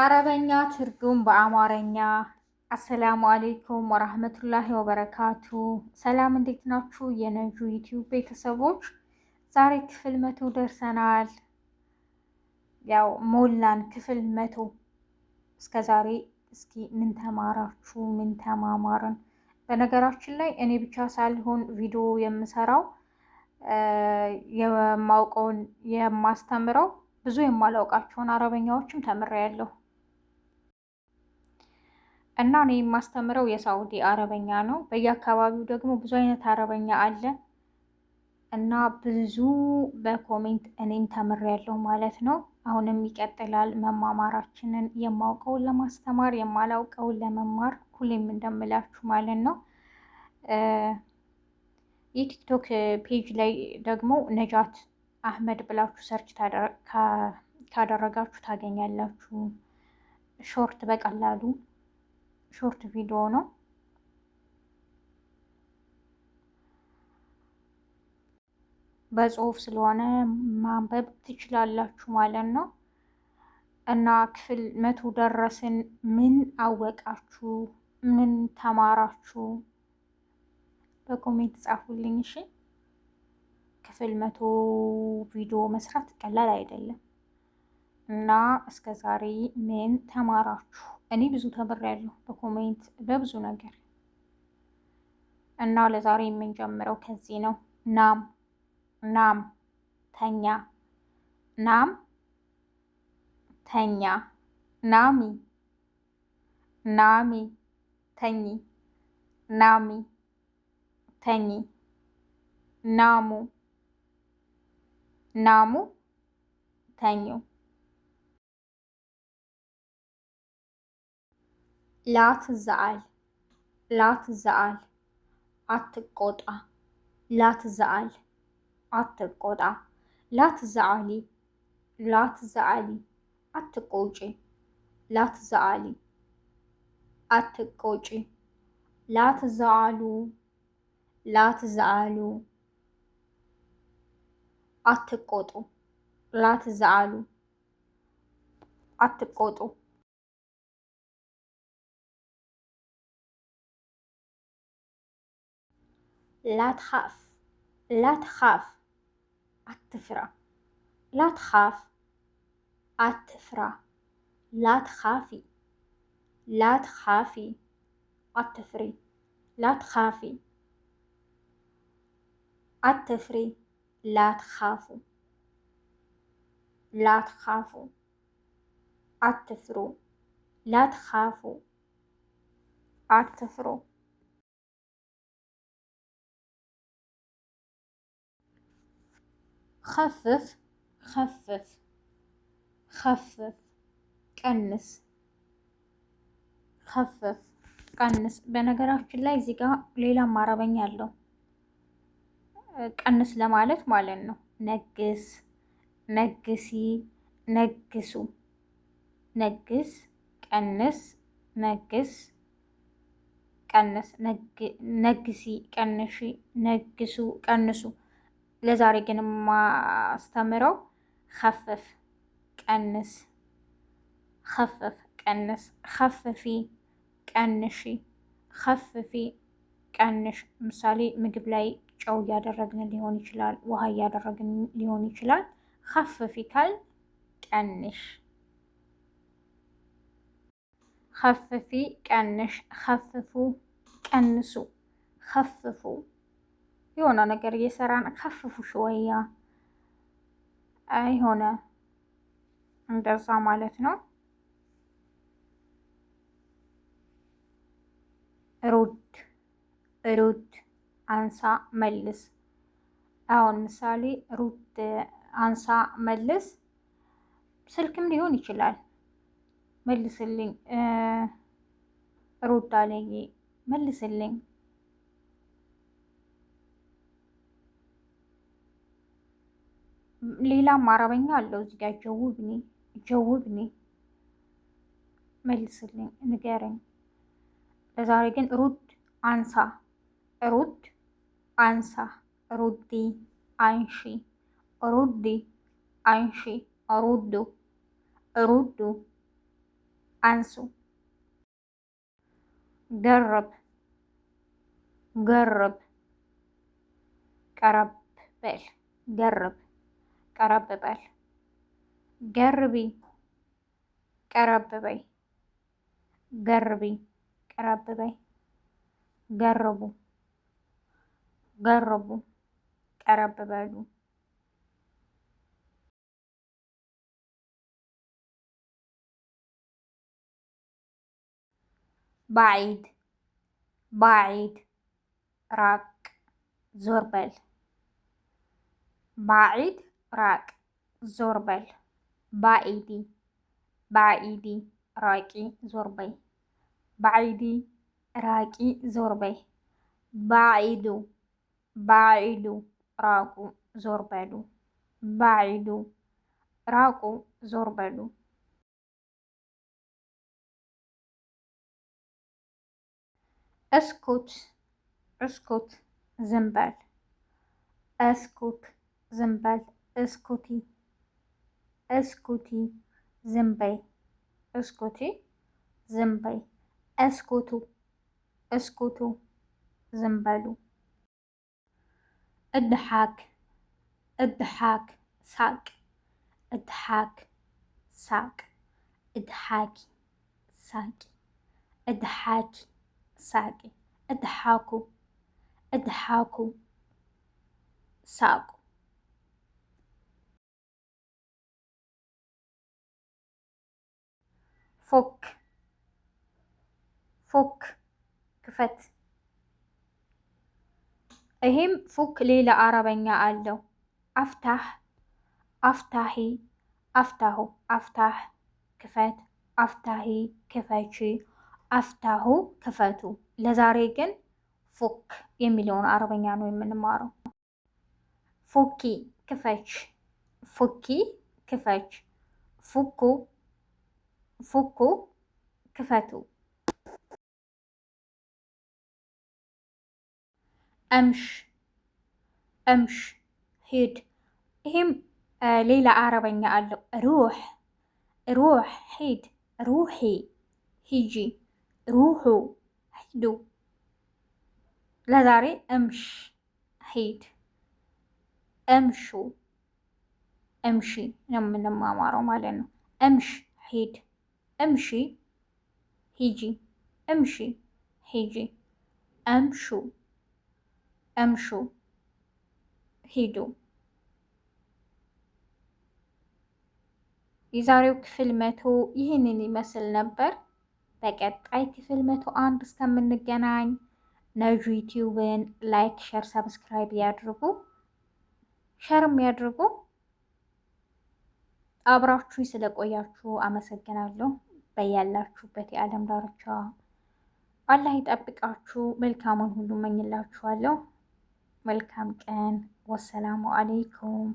አረበኛ ትርጉም በአማርኛ። አሰላሙ አሌይኩም ወራህመቱላሂ ወበረካቱ። ሰላም እንዴት ናችሁ? የነጁ ዩቲዩብ ቤተሰቦች ዛሬ ክፍል መቶ ደርሰናል። ያው ሞላን ክፍል መቶ እስከ ዛሬ እስኪ ምን ተማራችሁ? ምን ተማማርን? በነገራችን ላይ እኔ ብቻ ሳልሆን ቪዲዮ የምሰራው የማውቀውን የማስተምረው ብዙ የማላውቃቸውን አረበኛዎችም ተምሬያለሁ። እና እኔ የማስተምረው የሳዑዲ አረበኛ ነው። በየአካባቢው ደግሞ ብዙ አይነት አረበኛ አለ እና ብዙ በኮሜንት እኔም ተምሬያለሁ ማለት ነው። አሁንም ይቀጥላል መማማራችንን፣ የማውቀውን ለማስተማር የማላውቀውን ለመማር ሁሌም እንደምላችሁ ማለት ነው። የቲክቶክ ፔጅ ላይ ደግሞ ነጃት አህመድ ብላችሁ ሰርች ካደረጋችሁ ታገኛላችሁ ሾርት በቀላሉ ሾርት ቪዲዮ ነው። በጽሁፍ ስለሆነ ማንበብ ትችላላችሁ ማለት ነው። እና ክፍል መቶ ደረስን። ምን አወቃችሁ? ምን ተማራችሁ? በኮሜንት ጻፉልኝ እሺ። ክፍል መቶ ቪዲዮ መስራት ቀላል አይደለም። እና እስከ ዛሬ ምን ተማራችሁ? እኔ ብዙ ተምሬያለሁ በኮሜንት በብዙ ነገር እና ለዛሬ የምንጀምረው ከዚህ ነው። ናም ናም ተኛ፣ ናም ተኛ፣ ናሚ ናሚ ተኚ፣ ናሚ ተኚ፣ ናሙ ናሙ ተኙ ላትዘአል ላትዘአል አትቆጣ ላትዘአል አትቆጣ ላትዘአሊ ላትዘአሊ አትቆጪ ላትዘአሊ አትቆጪ ላትዘአሉ ላትዘአሉ አትቆጡ ላትዘአሉ አትቆጡ لا تخاف لا تخاف الطفرة لا تخاف الطفرة لا تخافي لا تخافي أتفري لا تخافي أتفري لا تخافوا لا تخافوا الطفروا لا تخافوا الطفروا ከፍፍ ከፍፍ ከፍፍ ቀንስ ከፍፍ ቀንስ። በነገራችን ላይ እዚህ ጋር ሌላም አረበኛ አለው ቀንስ ለማለት ማለት ነው። ነግስ፣ ነግሲ፣ ነግሱ፣ ነግስ፣ ቀንስ፣ ነግስ፣ ቀንስ፣ ነግሲ፣ ቀንሺ፣ ነግሱ፣ ቀንሱ ለዛሬ ግን ማስተምረው ከፍፍ ቀንስ፣ ከፍፍ ቀንስ፣ ከፍፊ ቀንሺ፣ ከፍፊ ቀንሽ። ምሳሌ ምግብ ላይ ጨው እያደረግን ሊሆን ይችላል፣ ውሃ እያደረግን ሊሆን ይችላል። ከፍፊ ካል ቀንሽ፣ ከፍፊ ቀንሽ፣ ከፍፉ ቀንሱ፣ ከፍፉ የሆነ ነገር እየሰራን ከፍፉ ሸወያ የሆነ እንደዛ ማለት ነው። ሩድ ሩድ አንሳ መልስ። አሁን ምሳሌ ሩድ አንሳ መልስ፣ ስልክም ሊሆን ይችላል። መልስልኝ ሩድ አለኝ መልስልኝ ሌላም አረበኛ አለው እዚህ ጋር ጀውብኒ ጀውብኒ መልስልኝ፣ ንገረኝ። ለዛሬ ግን ሩድ አንሳ፣ ሩድ አንሳ፣ ሩዲ አንሺ፣ ሩዲ አንሺ፣ ሩዱ ሩዱ አንሱ። ገረብ ገረብ፣ ቀረብ በል ገረብ ቀረብበል ገርቢ ቀረብበይ ገርቢ ቀረብበይ ገርቡ ገርቡ ቀረብበሉ ባዒድ ባዒድ ራቅ ዞር ዞርበል ባዒድ ራቅ ዞር በል ባዒዲ ባዒዲ ራቂ ዞር በይ ባዒዲ ራቂ ዞር በይ ባዒዱ ባዒዱ ራቁ ዞር በሉ ባዒዱ ራቁ ዞር በሉ እስኩት እስኩት ዝም በል እስኩት ዝም በል እስኩቲ እስኩቲ ዝምበይ እስኩቲ ዝምበይ እስኩቱ እስኩቱ ዝምበሉ እድሓክ እድሓክ ሳቅ እድሓክ ሳቅ እድሓኪ ሳቂ እድሓኪ ሳቂ እድሓኩ እድሓኩ ሳቁ ፎክ ፎክ ክፈት። ይሄም ፉክ ሌላ አረበኛ አለው። አፍታህ አፍታሂ አፍታሁ አፍታህ ክፈት አፍታሂ ክፈች አፍታሁ ክፈቱ። ለዛሬ ግን ፉክ የሚለውን አረበኛ ነው የምንማረው። ፉኪ ክፈች ፉኪ ክፈች ፉኩ فوكو كفاتو أمش أمش هيد هم آه ليلى إني أقول روح روح هيد روحي هيجي روحو هيدو لذاري أمش هيد أمشو أمشي نم نم أمارو مالينو أمش هيد እምሺ ሂጂ፣ እምሺ ሂጂ፣ እምሹ እምሹ ሂዱ። የዛሬው ክፍል መቶ ይህንን ይመስል ነበር። በቀጣይ ክፍል መቶ አንድ እስከምንገናኝ ነጁ ዩቲዩብን ላይክ፣ ሸር፣ ሰብስክራይብ ያድርጉ፣ ሸርም ያድርጉ። አብራችሁ ስለቆያችሁ አመሰግናለሁ። በያላችሁበት የዓለም ዳርቻ አላህ ይጠብቃችሁ። መልካሙን ሁሉ መኝላችኋለሁ። መልካም ቀን። ወሰላሙ አሌይኩም